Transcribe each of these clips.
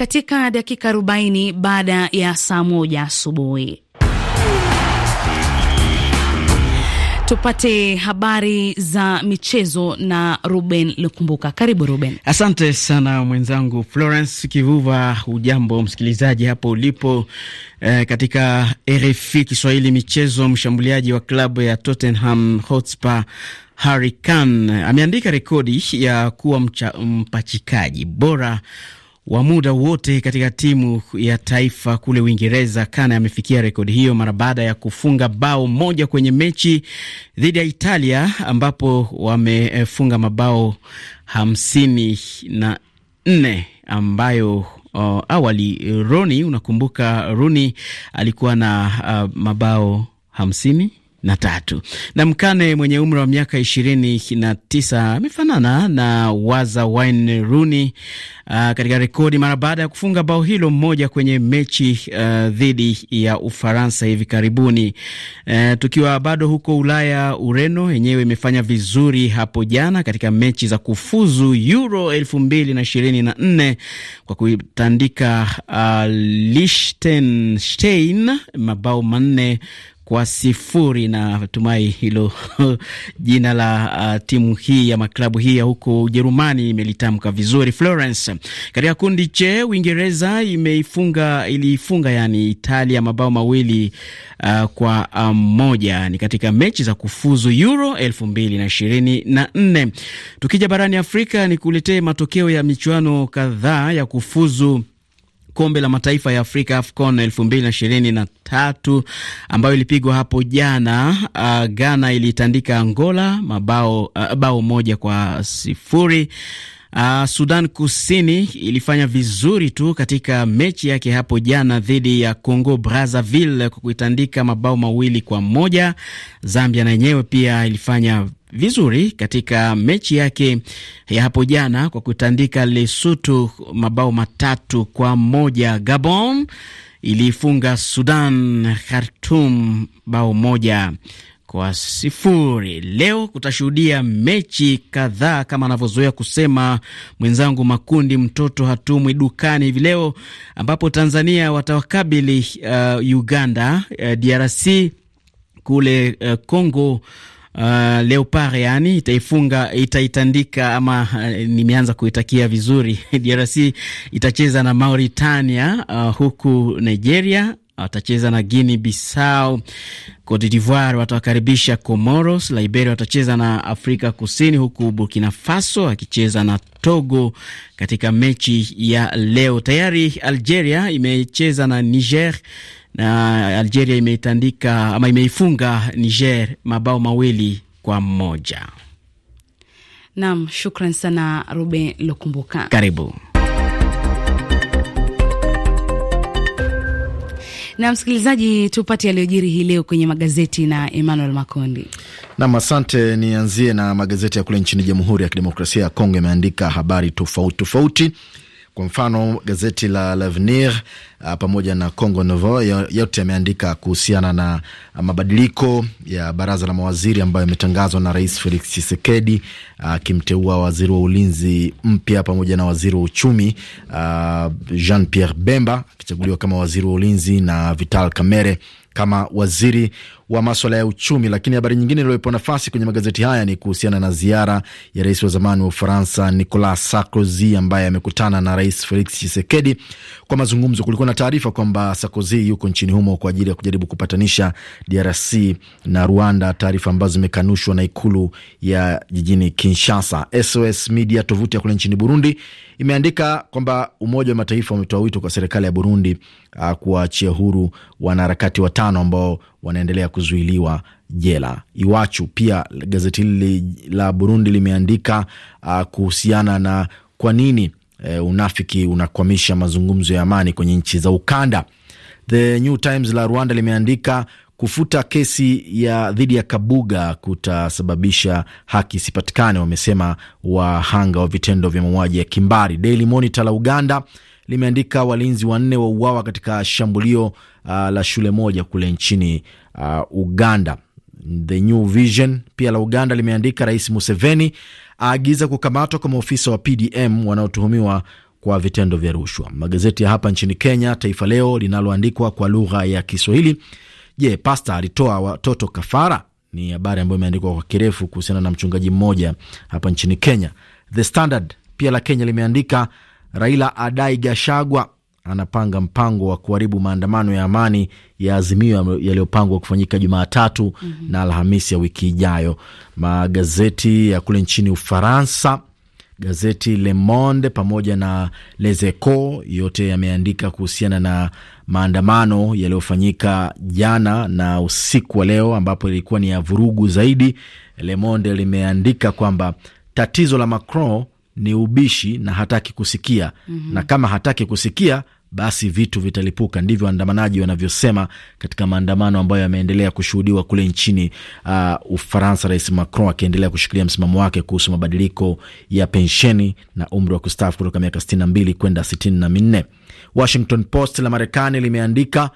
katika dakika 40 baada ya saa moja asubuhi. Tupate habari za michezo na Ruben Lukumbuka. Karibu Ruben. Asante sana mwenzangu Florence Kivuva. Hujambo msikilizaji hapo ulipo. Eh, katika RFI Kiswahili michezo, mshambuliaji wa klabu ya Tottenham Hotspur Harry Kane ameandika rekodi ya kuwa mpachikaji bora wa muda wote katika timu ya taifa kule Uingereza. Kane amefikia rekodi hiyo mara baada ya kufunga bao moja kwenye mechi dhidi ya Italia ambapo wamefunga mabao hamsini na nne ambayo uh, awali Roni, unakumbuka Runi alikuwa na uh, mabao hamsini na tatu. Na Mkane mwenye umri wa miaka ishirini na tisa amefanana na Waza Wayne Rooney uh, katika rekodi mara baada ya kufunga bao hilo mmoja kwenye mechi uh, dhidi ya Ufaransa hivi karibuni. Uh, tukiwa bado huko Ulaya, Ureno yenyewe imefanya vizuri hapo jana katika mechi za kufuzu Euro elfu mbili na ishirini na nne kwa kuitandika uh, Liechtenstein mabao manne kwa sifuri na tumai hilo jina la uh, timu hii ya maklabu hii ya huko Ujerumani imelitamka vizuri. Florence katika kundi che Uingereza imeifunga iliifunga yani Italia mabao mawili uh, kwa um, moja ni katika mechi za kufuzu Euro elfu mbili na ishirini na nne. Tukija barani Afrika ni kuletee matokeo ya michuano kadhaa ya kufuzu kombe la mataifa ya Afrika AFCON 2023 ambayo ilipigwa hapo jana. Uh, Ghana ilitandika Angola mabao uh, bao moja kwa sifuri. Uh, Sudan Kusini ilifanya vizuri tu katika mechi yake hapo jana dhidi ya Congo Brazzaville kwa kuitandika mabao mawili kwa moja. Zambia na yenyewe pia ilifanya vizuri katika mechi yake ya hapo jana kwa kutandika Lesotho mabao matatu kwa moja. Gabon iliifunga Sudan Khartoum bao moja kwa sifuri. Leo kutashuhudia mechi kadhaa kama anavyozoea kusema mwenzangu Makundi mtoto hatumwi dukani hivi leo, ambapo Tanzania watawakabili uh, Uganda, uh, DRC kule uh, Congo uh, uh, Leopard yani itaifunga itaitandika ama uh, nimeanza kuitakia vizuri DRC itacheza na Mauritania uh, huku Nigeria uh, watacheza na Guinea Bissau, Cote d'Ivoire watawakaribisha Comoros, Liberia watacheza na Afrika Kusini, huku Burkina Faso akicheza na Togo katika mechi ya leo. Tayari Algeria imecheza na Niger na Algeria imeitandika ama imeifunga Niger mabao mawili kwa mmoja. Nam, shukran sana Ruben Lokumbuka, karibu na msikilizaji, tupate yaliyojiri hii leo kwenye magazeti na Emmanuel Makondi. Nam, asante. Nianzie na magazeti ya kule nchini Jamhuri ya Kidemokrasia ya Kongo, imeandika habari tofauti tofauti. Kwa mfano gazeti la L'Avenir uh, pamoja na Congo Novo yote yameandika kuhusiana na mabadiliko ya baraza la mawaziri ambayo yametangazwa na Rais Felix Tshisekedi ah, akimteua uh, waziri wa ulinzi mpya pamoja na waziri wa uchumi uh, ah, Jean Pierre Bemba akichaguliwa kama waziri wa ulinzi na Vital Kamerhe kama waziri wa maswala ya uchumi. Lakini habari nyingine iliyopewa nafasi kwenye magazeti haya ni kuhusiana na ziara ya rais wa zamani wa Ufaransa Nicolas Sarkozy ambaye amekutana na Rais Felix Tshisekedi kwa mazungumzo. Kulikuwa kuna taarifa kwamba Sarkozy yuko nchini humo kwa ajili ya kujaribu kupatanisha DRC na Rwanda, taarifa ambazo zimekanushwa na ikulu ya jijini Kinshasa. SOS Media, tovuti ya kule nchini Burundi, imeandika kwamba Umoja wa Mataifa umetoa wito kwa serikali ya Burundi uh, kuwaachia huru wanaharakati watano ambao wanaendelea kuzuiliwa jela Iwachu. Pia gazeti hili la Burundi limeandika uh, kuhusiana na kwa nini e, unafiki unakwamisha mazungumzo ya amani kwenye nchi za ukanda. The New Times la Rwanda limeandika kufuta kesi ya dhidi ya Kabuga kutasababisha haki isipatikane, wamesema wahanga wa vitendo vya mauaji ya kimbari. Daily Monitor la Uganda limeandika walinzi wanne wa uawa katika shambulio uh, la shule moja kule nchini uh, Uganda. The New Vision pia la Uganda limeandika Rais Museveni aagiza kukamatwa kwa maofisa wa PDM wanaotuhumiwa kwa vitendo vya rushwa. Magazeti ya hapa nchini Kenya, Taifa Leo linaloandikwa kwa lugha ya Kiswahili. Je, pasta alitoa watoto kafara? Ni habari ambayo imeandikwa kwa kirefu kuhusiana na mchungaji mmoja hapa nchini Kenya. The Standard pia la Kenya limeandika Raila adai Gashagwa anapanga mpango wa kuharibu maandamano ya amani ya Azimio yaliyopangwa kufanyika Jumatatu mm -hmm. na Alhamisi ya wiki ijayo. Magazeti ya kule nchini Ufaransa, gazeti Le Monde pamoja na Les Echos yote yameandika kuhusiana na maandamano yaliyofanyika jana na usiku wa leo, ambapo ilikuwa ni ya vurugu zaidi. Le Monde limeandika kwamba tatizo la Macron ni ubishi na hataki kusikia. mm -hmm. Na kama hataki kusikia basi vitu vitalipuka. Ndivyo waandamanaji wanavyosema katika maandamano ambayo yameendelea kushuhudiwa kule nchini uh, Ufaransa, Rais Macron akiendelea kushikilia msimamo wake kuhusu mabadiliko ya pensheni na umri wa kustaafu kutoka miaka 62 kwenda 64. Washington Post la Marekani limeandika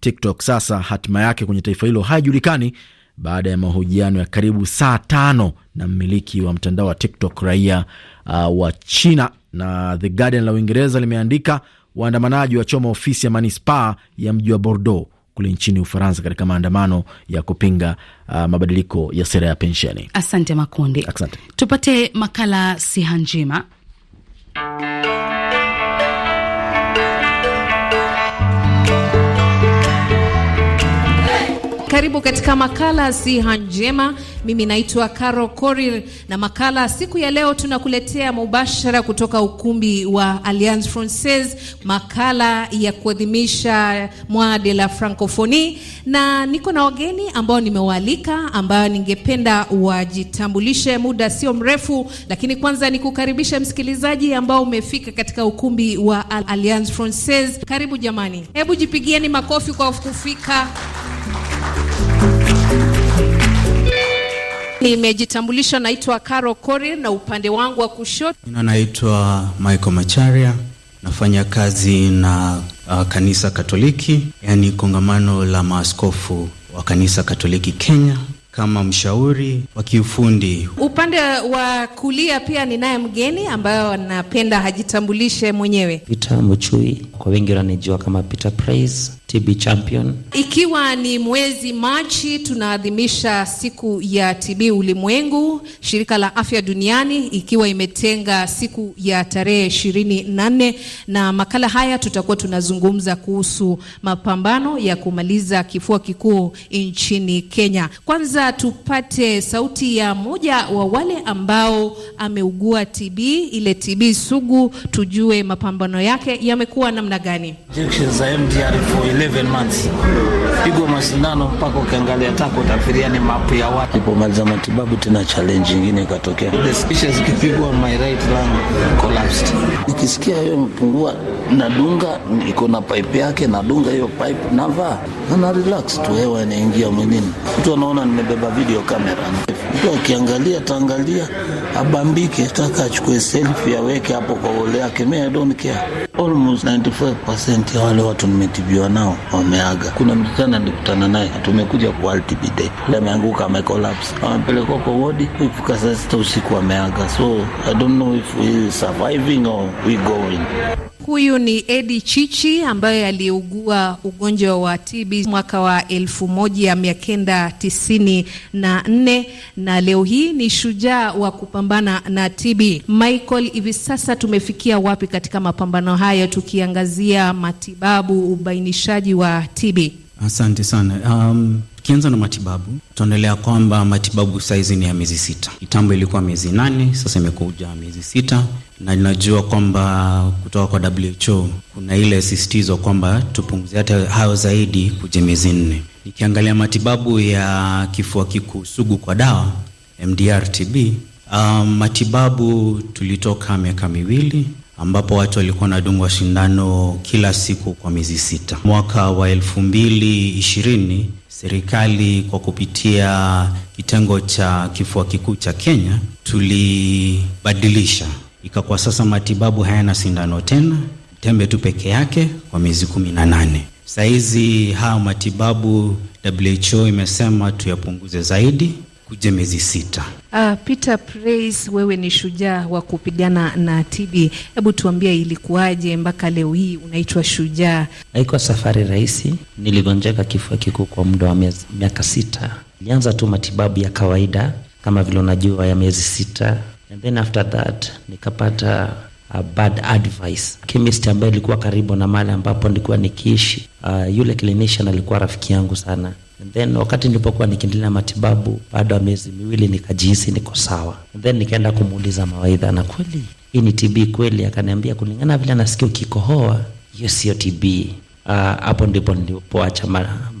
TikTok sasa hatima yake kwenye taifa hilo haijulikani baada ya mahojiano ya karibu saa tano na mmiliki wa mtandao wa TikTok raia uh, wa China. Na The Guardian la Uingereza limeandika waandamanaji wachoma ofisi ya manispaa ya mji wa Bordeaux kule nchini Ufaransa katika maandamano ya kupinga uh, mabadiliko ya sera ya pensheni. Asante Makundi. Asante. Tupate makala siha njema Karibu katika makala siha njema. Mimi naitwa Caro Korir, na makala siku ya leo tunakuletea mubashara kutoka ukumbi wa Alliance Francaise, makala ya kuadhimisha Mois de la Francophonie, na niko na wageni ambao nimewaalika, ambao ningependa wajitambulishe muda sio mrefu, lakini kwanza nikukaribisha msikilizaji ambao umefika katika ukumbi wa Alliance Francaise. Karibu jamani, hebu jipigieni makofi kwa kufika Nimejitambulisha, naitwa caro Korir na upande wangu wa kushoto. Mimi naitwa Michael Macharia, nafanya kazi na uh, kanisa Katoliki, yaani kongamano la maaskofu wa kanisa Katoliki Kenya kama mshauri wa kiufundi. Upande wa kulia pia ninaye mgeni ambayo anapenda hajitambulishe mwenyewe. Peter Muchui, kwa wengi wananijua kama Peter Price, TB champion. Ikiwa ni mwezi Machi, tunaadhimisha siku ya TB ulimwengu. Shirika la Afya Duniani ikiwa imetenga siku ya tarehe ishirini na nne, na makala haya tutakuwa tunazungumza kuhusu mapambano ya kumaliza kifua kikuu nchini Kenya. Kwanza tupate sauti ya mmoja wa wale ambao ameugua TB, ile TB sugu, tujue mapambano yake yamekuwa namna gani. Injection za MDR for 11 months, pigwa masindano mpaka ukiangalia tako utafikiria ni mapu ya watu. Nilipomaliza matibabu, tena challenge nyingine ikatokea, the species ikipigwa my right lung collapsed. Nikisikia hiyo mpungua, nadunga iko na pipe yake, nadunga hiyo pipe, navaa na relax tu, hewa inaingia mwilini, mtu anaona nimebe wamebeba video camera. Mtu akiangalia taangalia, abambike, taka achukue selfie aweke hapo kwa ole yake. Mimi I don't care. Almost 95% ya wale watu nimetibiwa nao wameaga. Kuna msichana nilikutana naye, tumekuja kwa RTB day, ameanguka ame collapse, amepelekwa kwa wodi, ifika saa sita usiku ameaga. So I don't know if we surviving or we going. Huyu ni Edi Chichi ambaye aliugua ugonjwa wa TB mwaka wa tisini na, na leo hii ni shujaa wa kupambana na TB. Michael, hivi sasa tumefikia wapi katika mapambano hayo tukiangazia matibabu, ubainishaji wa TB? Asante sana. Um, Tukianza na matibabu, tutaonelea kwamba matibabu saizi ni ya miezi sita. Kitambo ilikuwa miezi nane, sasa imekuja miezi sita, na ninajua kwamba kutoka kwa WHO kuna ile sisitizo kwamba tupunguze hata hayo zaidi kuja miezi nne. Nikiangalia matibabu ya kifua kikuu sugu kwa dawa MDR TB, um, matibabu tulitoka miaka miwili ambapo watu walikuwa wanadungwa sindano kila siku kwa miezi sita. Mwaka wa elfu mbili ishirini serikali kwa kupitia kitengo cha kifua kikuu cha Kenya tulibadilisha, ikakuwa sasa matibabu hayana sindano tena, tembe tu peke yake kwa miezi kumi na nane. Sahizi haya matibabu WHO imesema tuyapunguze zaidi kuja miezi sita. Uh, Peter Praise, wewe ni shujaa wa kupigana na TB. Hebu tuambie ilikuwaje mpaka leo hii unaitwa shujaa? Haikuwa safari rahisi. Niligonjeka kifua kikuu kwa muda wa miaka sita. Nilianza tu matibabu ya kawaida kama vile unajua ya miezi sita, and then after that nikapata a bad advice. Chemist ambayo ilikuwa karibu na mahali ambapo nilikuwa nikiishi, uh, yule clinician alikuwa rafiki yangu sana And then wakati nilipokuwa nikiendelea na matibabu baada ya miezi miwili nikajihisi niko sawa. And then nikaenda kumuuliza mawaidha, na kweli hii ni TB kweli? Akaniambia kulingana vile nasikia ukikohoa, hiyo sio TB. Ah, hapo uh, ndipo nilipoacha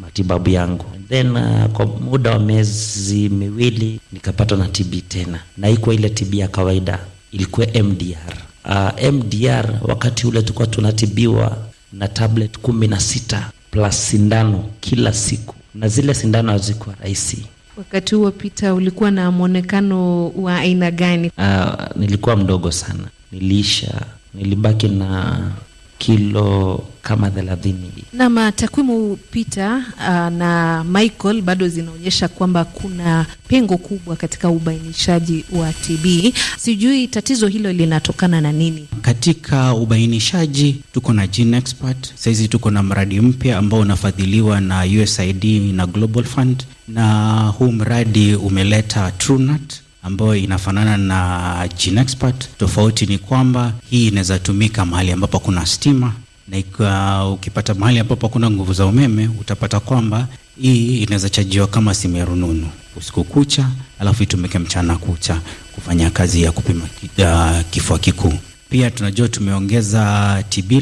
matibabu yangu then uh, kwa muda wa miezi miwili nikapatwa na TB tena, na ikuwa ile TB ya kawaida, ilikuwa MDR. Uh, ah, MDR wakati ule tulikuwa tunatibiwa na tablet kumi na sita plus sindano kila siku na zile sindano hazikuwa rahisi. Wakati huo Pita, ulikuwa na mwonekano wa aina gani? Uh, nilikuwa mdogo sana, niliisha, nilibaki na kilo kama thelathini nam ah, takwimu Peter ah, na Michael bado zinaonyesha kwamba kuna pengo kubwa katika ubainishaji wa TB. Sijui tatizo hilo linatokana na nini? Katika ubainishaji tuko na expert, sahizi tuko na mradi mpya ambao unafadhiliwa na USAID na Global Fund, na huu mradi umeleta TrueNut ambayo inafanana na GeneXpert. Tofauti ni kwamba hii inaweza tumika mahali ambapo kuna stima na ikiwa ukipata mahali ambapo kuna nguvu za umeme utapata kwamba hii inaweza chajiwa kama simu ya rununu usiku kucha, alafu itumike mchana kucha kufanya kazi ya kupima uh, kifua kikuu. Pia tunajua tumeongeza TB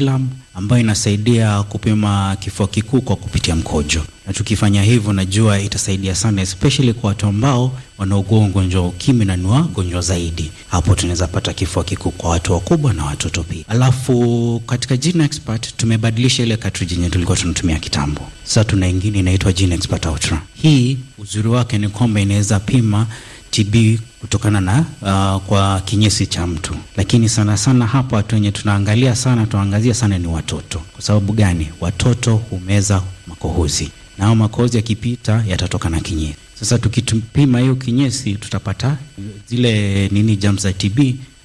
ambayo inasaidia kupima kifua kikuu kwa kupitia mkojo, na tukifanya hivyo, najua itasaidia sana, especially kwa watu ambao wanaugua ugonjwa wa ukimwi na ni wagonjwa zaidi. Hapo tunaweza pata kifua kikuu kwa watu wakubwa na watoto pia. Alafu katika Gene Expert tumebadilisha ile cartridge yenye tulikuwa tunatumia kitambo, sasa tuna ingine inaitwa Gene Expert Ultra. Hii uzuri wake ni kwamba inaweza pima TB kutokana na uh, kwa kinyesi cha mtu, lakini sana sana hapa watu wenye tunaangalia sana tunaangazia sana ni watoto. Kwa sababu gani? Watoto humeza makohozi nao makohozi yakipita yatatoka na kinyesi. Sasa tukipima hiyo kinyesi tutapata uh, zile nini, germs za TB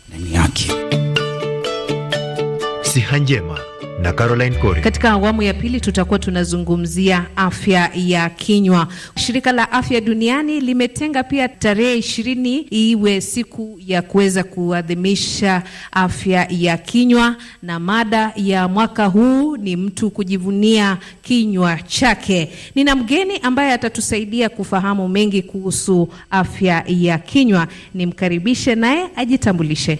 ndani yake. Siha Njema na Caroline Kore. Katika awamu ya pili tutakuwa tunazungumzia afya ya kinywa. Shirika la Afya Duniani limetenga pia tarehe ishirini iwe siku ya kuweza kuadhimisha afya ya kinywa, na mada ya mwaka huu ni mtu kujivunia kinywa chake. Nina mgeni ambaye atatusaidia kufahamu mengi kuhusu afya ya kinywa. Nimkaribishe naye ajitambulishe.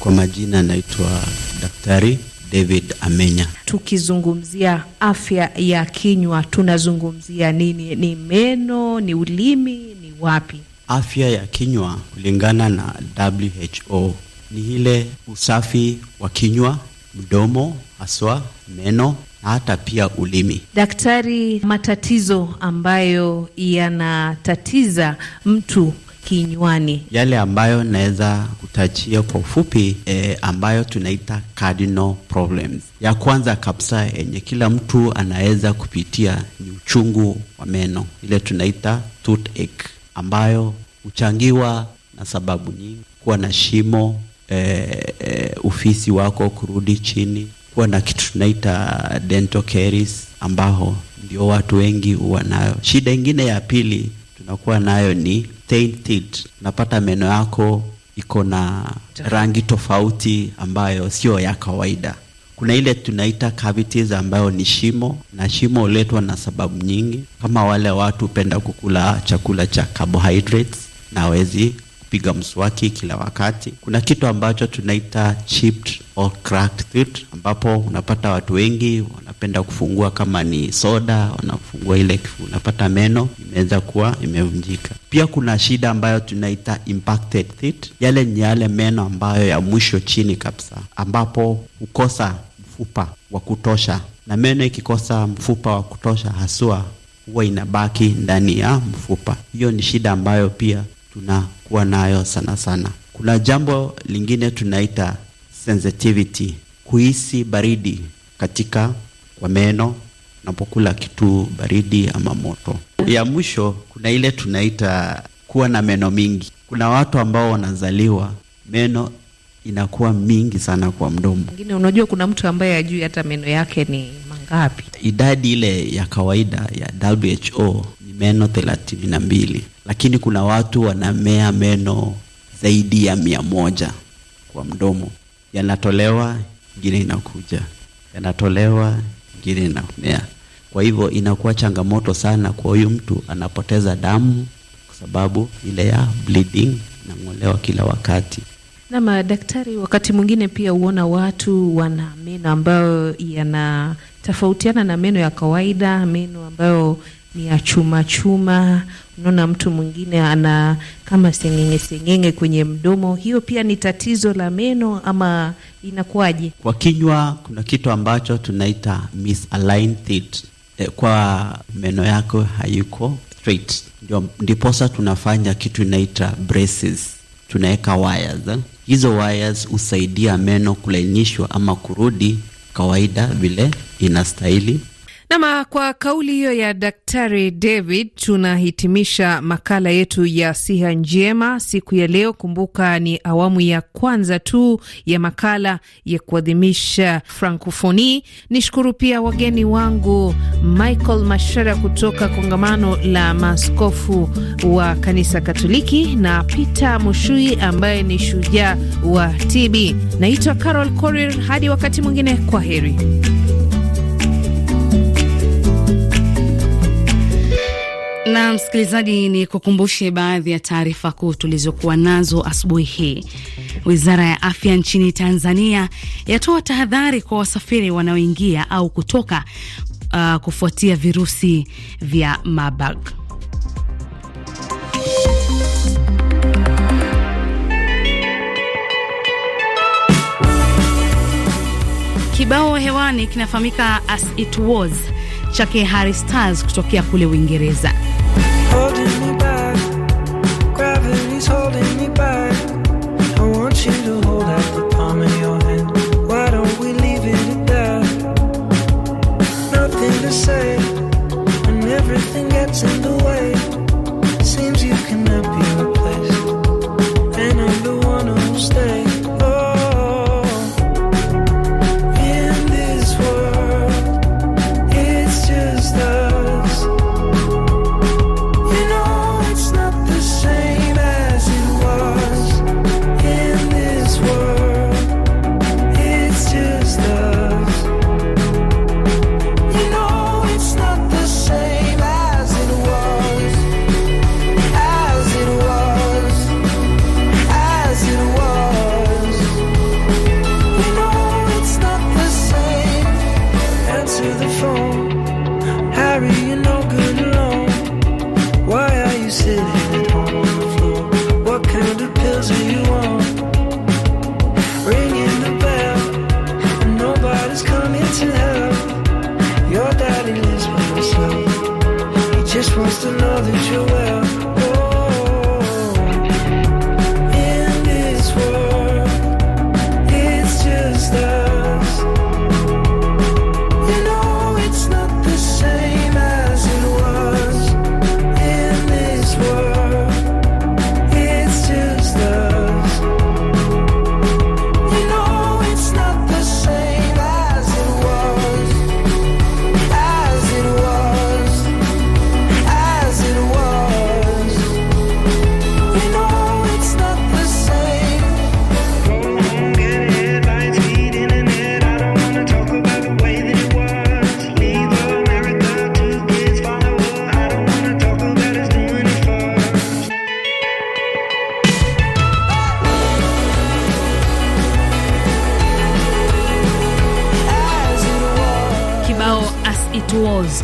Kwa majina anaitwa Daktari David Amenya. Tukizungumzia afya ya kinywa tunazungumzia nini? Ni meno? Ni ulimi? Ni wapi? Afya ya kinywa kulingana na WHO ni ile usafi wa kinywa, mdomo, haswa meno na hata pia ulimi. Daktari, matatizo ambayo yanatatiza mtu kinywani, yale ambayo naweza kutachia kwa ufupi e, ambayo tunaita cardinal problems. Ya kwanza kabisa yenye kila mtu anaweza kupitia ni uchungu wa meno, ile tunaita toothache, ambayo huchangiwa na sababu nyingi: kuwa na shimo e, eh, e, eh, ufisi wako kurudi chini, kuwa na kitu tunaita dental caries, ambao ndio watu wengi huwa nayo. Shida ingine ya pili kuwa nayo ni tainted. Napata meno yako iko na rangi tofauti ambayo sio ya kawaida. Kuna ile tunaita cavities ambayo ni shimo, na shimo huletwa na sababu nyingi, kama wale watu hupenda kukula chakula cha carbohydrates na wezi kupiga mswaki kila wakati. Kuna kitu ambacho tunaita chipped or cracked tooth, ambapo unapata watu wengi wanapenda kufungua kama ni soda, wanafungua ile kifu, unapata meno imeweza kuwa imevunjika. Pia kuna shida ambayo tunaita impacted teeth, yale ni yale meno ambayo ya mwisho chini kabisa, ambapo hukosa mfupa wa kutosha, na meno ikikosa mfupa wa kutosha haswa huwa inabaki ndani ya mfupa. Hiyo ni shida ambayo pia tunakuwa nayo sana sana. Kuna jambo lingine tunaita sensitivity, kuhisi baridi katika kwa meno unapokula kitu baridi ama moto. Ya mwisho kuna ile tunaita kuwa na meno mingi. Kuna watu ambao wanazaliwa meno inakuwa mingi sana kwa mdomo. Ngine, unajua kuna mtu ambaye ajui hata meno yake ni mangapi. Idadi ile ya kawaida ya WHO ni meno thelathini na mbili lakini kuna watu wanamea meno zaidi ya mia moja kwa mdomo, yanatolewa ingine inakuja, yanatolewa ingine inamea. Kwa hivyo inakuwa changamoto sana kwa huyu mtu, anapoteza damu kwa sababu ile ya bleeding, nang'olewa kila wakati. Na madaktari ah, wakati mwingine pia huona watu wana meno ambayo yanatofautiana na meno ya kawaida, meno ambayo ni ya chuma chuma, unaona mtu mwingine ana kama sengenge sengenge kwenye mdomo. Hiyo pia ni tatizo la meno ama inakuwaje? Kwa kinywa kuna kitu ambacho tunaita misaligned teeth, eh, kwa meno yako hayuko straight, ndio ndiposa tunafanya kitu inaita braces, tunaweka wires eh? Hizo wires husaidia meno kulainishwa ama kurudi kawaida vile inastahili. Nama, kwa kauli hiyo ya Daktari David tunahitimisha makala yetu ya siha njema siku ya leo. Kumbuka ni awamu ya kwanza tu ya makala ya kuadhimisha Frankofoni. Nishukuru pia wageni wangu Michael Mashara kutoka kongamano la maaskofu wa kanisa Katoliki na Peter Mushui ambaye ni shujaa wa TB. Naitwa Carol Korir, hadi wakati mwingine, kwa heri. Na msikilizaji, ni kukumbushe baadhi ya taarifa kuu tulizokuwa nazo asubuhi hii. Wizara ya afya nchini Tanzania yatoa tahadhari kwa wasafiri wanaoingia au kutoka uh, kufuatia virusi vya Marburg. Kibao hewani kinafahamika as it was chake Harry Styles kutokea kule Uingereza. So.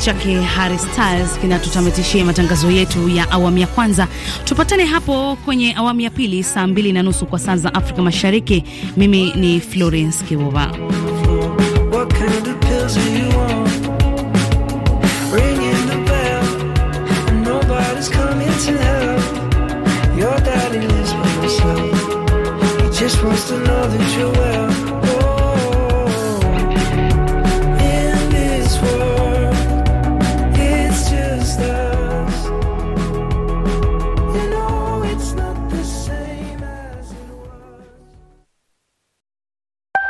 chake Harry Styles kinatutamatishia matangazo yetu ya awamu ya kwanza. Tupatane hapo kwenye awamu ya pili saa mbili na nusu kwa saa za Afrika Mashariki. Mimi ni Florence Kiwova. kind of